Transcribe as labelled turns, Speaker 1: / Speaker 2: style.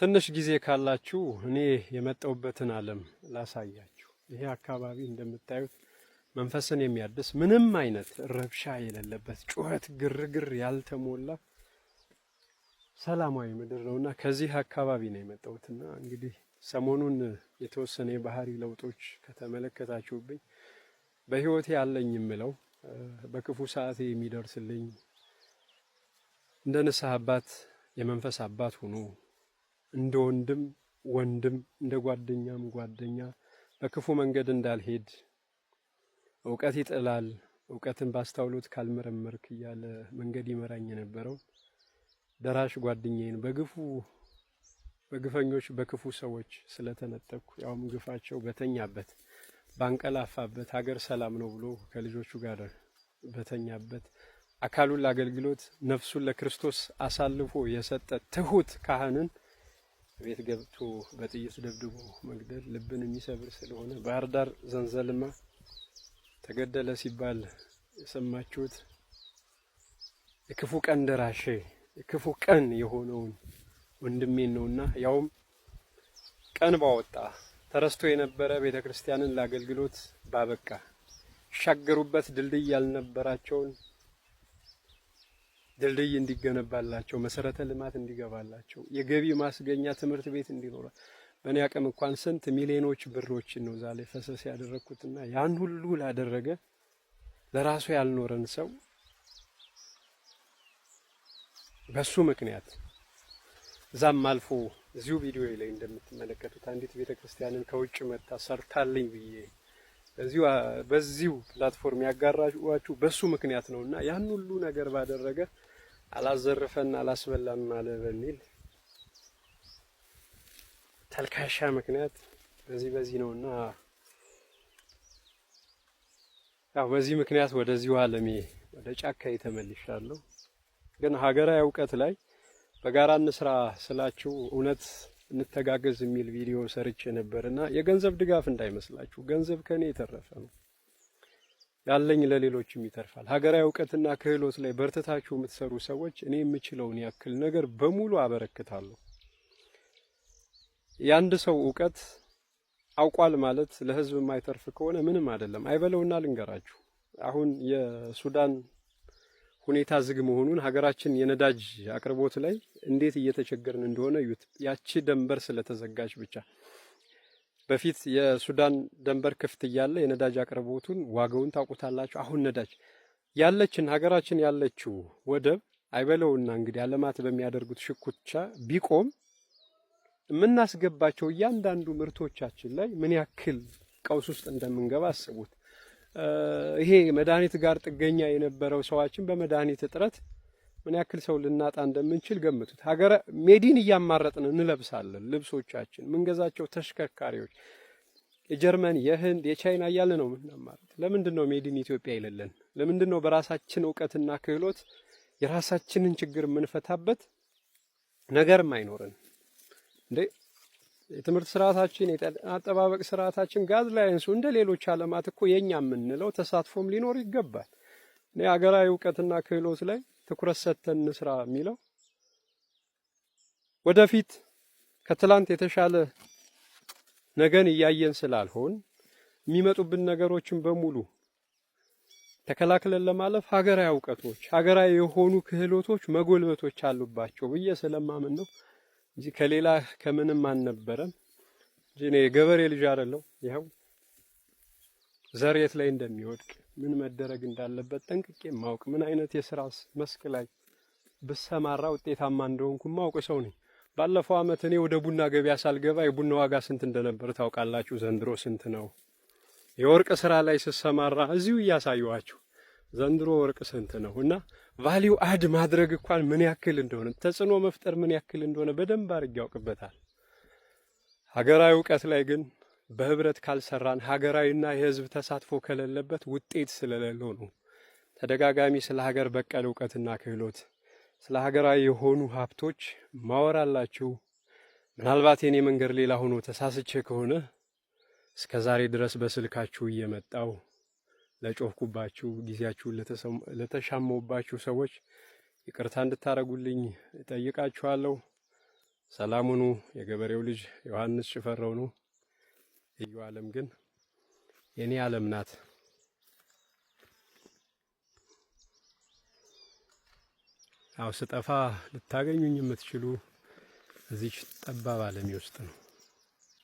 Speaker 1: ትንሽ ጊዜ ካላችሁ እኔ የመጣሁበትን ዓለም ላሳያችሁ። ይሄ አካባቢ እንደምታዩት መንፈስን የሚያድስ ምንም አይነት ረብሻ የሌለበት ጩኸት፣ ግርግር ያልተሞላ ሰላማዊ ምድር ነውና ከዚህ አካባቢ ነው የመጣሁትና እንግዲህ ሰሞኑን የተወሰነ የባህሪ ለውጦች ከተመለከታችሁብኝ በህይወቴ አለኝ የምለው በክፉ ሰዓቴ የሚደርስልኝ እንደ ንስሐ አባት የመንፈስ አባት ሁኖ። እንደ ወንድም ወንድም፣ እንደ ጓደኛም ጓደኛ በክፉ መንገድ እንዳልሄድ እውቀት ይጥላል፣ እውቀትን ባስተውሎት ካልመረመርክ እያለ መንገድ ይመራኝ የነበረው ደራሽ ጓደኛዬን በግፉ በግፈኞች በክፉ ሰዎች ስለተነጠቅኩ ያውም ግፋቸው በተኛበት ባንቀላፋበት ሀገር ሰላም ነው ብሎ ከልጆቹ ጋር በተኛበት አካሉን ለአገልግሎት ነፍሱን ለክርስቶስ አሳልፎ የሰጠ ትሁት ካህንን ቤት ገብቶ በጥይት ደብድቦ መግደል ልብን የሚሰብር ስለሆነ ባህር ዳር ዘንዘልማ ተገደለ ሲባል የሰማችሁት የክፉ ቀን ደራሽ የክፉ ቀን የሆነውን ወንድሜን ነውና ያውም ቀን ባወጣ ተረስቶ የነበረ ቤተ ክርስቲያንን ለአገልግሎት ባበቃ ይሻገሩበት ድልድይ ያልነበራቸውን ድልድይ እንዲገነባላቸው፣ መሰረተ ልማት እንዲገባላቸው፣ የገቢ ማስገኛ ትምህርት ቤት እንዲኖረ በእኔ አቅም እንኳን ስንት ሚሊዮኖች ብሮችን ነው ላይ ፈሰስ ያደረግኩትና ያን ሁሉ ላደረገ ለራሱ ያልኖረን ሰው በሱ ምክንያት እዛም አልፎ እዚሁ ቪዲዮ ላይ እንደምትመለከቱት አንዲት ቤተክርስቲያንን ከውጭ መታ ሰርታልኝ ብዬ በዚሁ ፕላትፎርም ያጋራችሁ በሱ ምክንያት እና ያን ሁሉ ነገር ባደረገ አላዘርፈን አላስበላም አለ በሚል ተልካሻ ምክንያት በዚህ በዚህ ነውና ያው በዚህ ምክንያት ወደዚሁ ዓለሜ ወደ ጫካ ተመልሻለሁ። ግን ሀገራዊ እውቀት ላይ በጋራ እንስራ ስላችሁ እውነት እንተጋገዝ የሚል ቪዲዮ ሰርቼ ነበርና የገንዘብ ድጋፍ እንዳይመስላችሁ፣ ገንዘብ ከኔ የተረፈ ነው። ያለኝ ለሌሎችም ይተርፋል። ሀገራዊ እውቀትና ክህሎት ላይ በርትታችሁ የምትሰሩ ሰዎች እኔ የምችለውን ያክል ነገር በሙሉ አበረክታለሁ። የአንድ ሰው እውቀት አውቋል ማለት ለህዝብ የማይተርፍ ከሆነ ምንም አይደለም። አይበለውና ልንገራችሁ፣ አሁን የሱዳን ሁኔታ ዝግ መሆኑን ሀገራችን የነዳጅ አቅርቦት ላይ እንዴት እየተቸገርን እንደሆነ እዩት። ያቺ ደንበር ስለተዘጋች ብቻ በፊት የሱዳን ደንበር ክፍት እያለ የነዳጅ አቅርቦቱን ዋጋውን ታውቁታላችሁ። አሁን ነዳጅ ያለችን ሀገራችን ያለችው ወደብ አይበለውና እንግዲህ አለማት በሚያደርጉት ሽኩቻ ቢቆም የምናስገባቸው እያንዳንዱ ምርቶቻችን ላይ ምን ያክል ቀውስ ውስጥ እንደምንገባ አስቡት። ይሄ መድኃኒት ጋር ጥገኛ የነበረው ሰዋችን በመድኃኒት እጥረት ምን ያክል ሰው ልናጣ እንደምንችል ገምቱት። ሀገረ ሜዲን እያማረጥን እንለብሳለን። ልብሶቻችን፣ ምንገዛቸው ተሽከርካሪዎች የጀርመን የህንድ የቻይና እያለ ነው ምናማረጥ። ለምንድን ነው ሜዲን ኢትዮጵያ አይለለን? ለምንድን ነው በራሳችን እውቀትና ክህሎት የራሳችንን ችግር የምንፈታበት ነገርም አይኖርን እንዴ? የትምህርት ስርዓታችን አጠባበቅ ስርዓታችን ጋዝ ላይ አንሱ እንደ ሌሎች አለማት እኮ የኛ የምንለው ተሳትፎም ሊኖር ይገባል። እኔ ሀገራዊ እውቀትና ክህሎት ላይ ትኩረት ሰጥተን እንስራ የሚለው ወደፊት ከትላንት የተሻለ ነገን እያየን ስላልሆን የሚመጡብን ነገሮችን በሙሉ ተከላክለን ለማለፍ ሀገራዊ እውቀቶች፣ ሀገራዊ የሆኑ ክህሎቶች መጎልበቶች አሉባቸው ብዬ ስለማምን ነው እንጂ ከሌላ ከምንም አልነበረም እኔ የገበሬ ልጅ አይደለሁ። ይኸው ዘር ላይ እንደሚወድቅ ምን መደረግ እንዳለበት ጠንቅቄ ማውቅ ምን አይነት የስራ መስክ ላይ ብሰማራ ውጤታማ እንደሆንኩ ማውቅ ሰው ነኝ። ባለፈው አመት እኔ ወደ ቡና ገበያ ሳልገባ የቡና ዋጋ ስንት እንደነበር ታውቃላችሁ። ዘንድሮ ስንት ነው? የወርቅ ስራ ላይ ስሰማራ እዚሁ እያሳየኋችሁ ዘንድሮ ወርቅ ስንት ነው? እና ቫሊው አድ ማድረግ እንኳን ምን ያክል እንደሆነ ተጽዕኖ መፍጠር ምን ያክል እንደሆነ በደንብ አድርጌ ያውቅበታል። ሀገራዊ እውቀት ላይ ግን በህብረት ካልሰራን ሀገራዊና የህዝብ ተሳትፎ ከሌለበት ውጤት ስለሌለው ነው። ተደጋጋሚ ስለ ሀገር በቀል እውቀትና ክህሎት፣ ስለ ሀገራዊ የሆኑ ሀብቶች ማወራላችሁ። ምናልባት የኔ መንገድ ሌላ ሆኖ ተሳስቼ ከሆነ እስከ ዛሬ ድረስ በስልካችሁ እየመጣው ለጮፍኩባችሁ፣ ጊዜያችሁን ለተሻመውባችሁ ሰዎች ይቅርታ እንድታደርጉልኝ እጠይቃችኋለሁ። ሰላሙኑ የገበሬው ልጅ ዮሐንስ ጭፈረው ነው። እዩ ዓለም ግን የኔ ዓለም ናት። አው ስጠፋ ልታገኙኝ የምትችሉ እዚች ጠባብ ዓለሜ ውስጥ ነው።